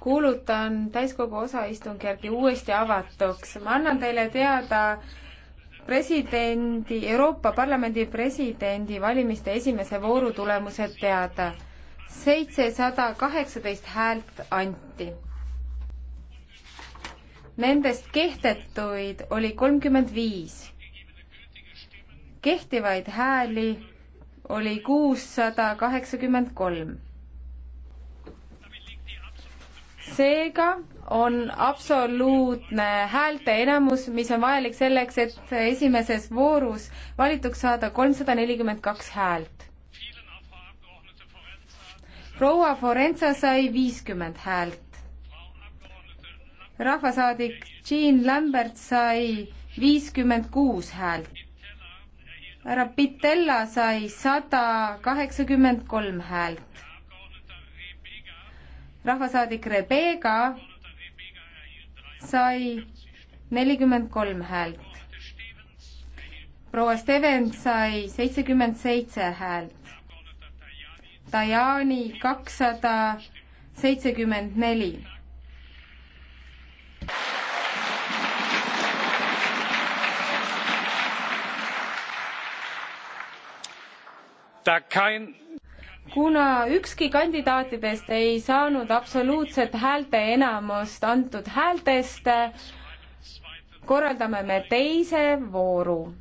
kuulutan täiskogu osaistungjärgi uuesti avatuks. ma annan teile teada presidendi, Euroopa Parlamendi presidendi valimiste esimese vooru tulemused teada. seitsesada kaheksateist häält anti. Nendest kehtetuid oli kolmkümmend viis. kehtivaid hääli oli kuussada kaheksakümmend kolm seega on absoluutne häälte enamus, mis on vajalik selleks, et esimeses voorus valituks saada kolmsada nelikümmend kaks häält. proua Forenza sai viiskümmend häält. rahvasaadik Jean Lambert sai viiskümmend kuus häält. härra Pitella sai sada kaheksakümmend kolm häält rahvasaadik Rebega sai nelikümmend kolm häält. proua Stevens sai seitsekümmend seitse häält. Dajani kakssada seitsekümmend neli. da kein kuna ükski kandidaatidest ei saanud absoluutset häälte enamust antud häältest, korraldame me teise vooru.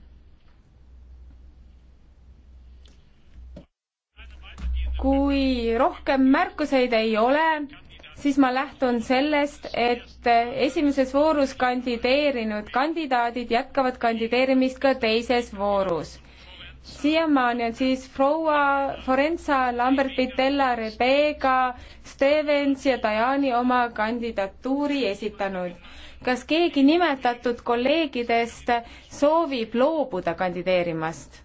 kui rohkem märkuseid ei ole, siis ma lähtun sellest, et esimeses voorus kandideerinud kandidaadid jätkavad kandideerimist ka teises voorus siiamaani on siis proua Forenza, Lambert Pitella, Rebecca, Stevens ja Dajani oma kandidatuuri esitanud. kas keegi nimetatud kolleegidest soovib loobuda kandideerimast?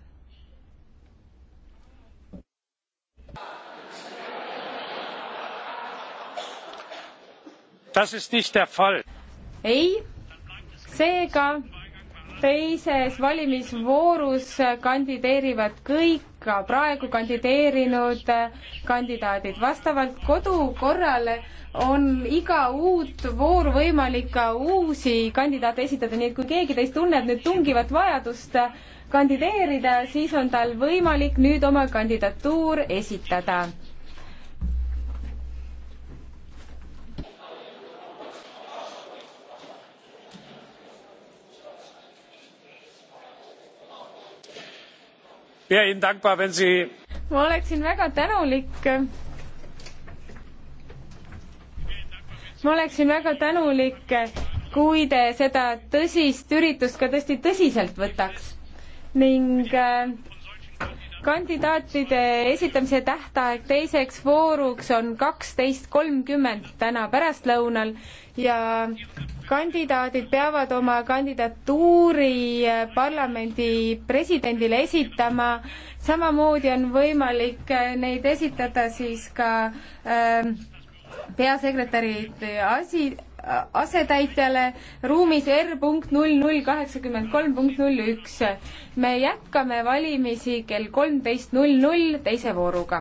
ei, seega teises valimisvoorus kandideerivad kõik ka praegu kandideerinud kandidaadid. vastavalt kodukorrale on iga uut vooru võimalik ka uusi kandidaate esitada, nii et kui keegi teist tunneb nüüd tungivat vajadust kandideerida, siis on tal võimalik nüüd oma kandidatuur esitada ma oleksin väga tänulik ma oleksin väga tänulik, kui te seda tõsist üritust ka tõesti tõsiselt võtaks ning äh, kandidaatide esitamise tähtaeg teiseks vooruks on kaksteist kolmkümmend täna pärastlõunal ja kandidaadid peavad oma kandidatuuri eh, parlamendi presidendile esitama, samamoodi on võimalik eh, neid esitada siis ka äh, peasekretäri asi, asetäitjale ruumis R punkt null null kaheksakümmend kolm punkt null üks. me jätkame valimisi kell kolmteist null null teise vooruga.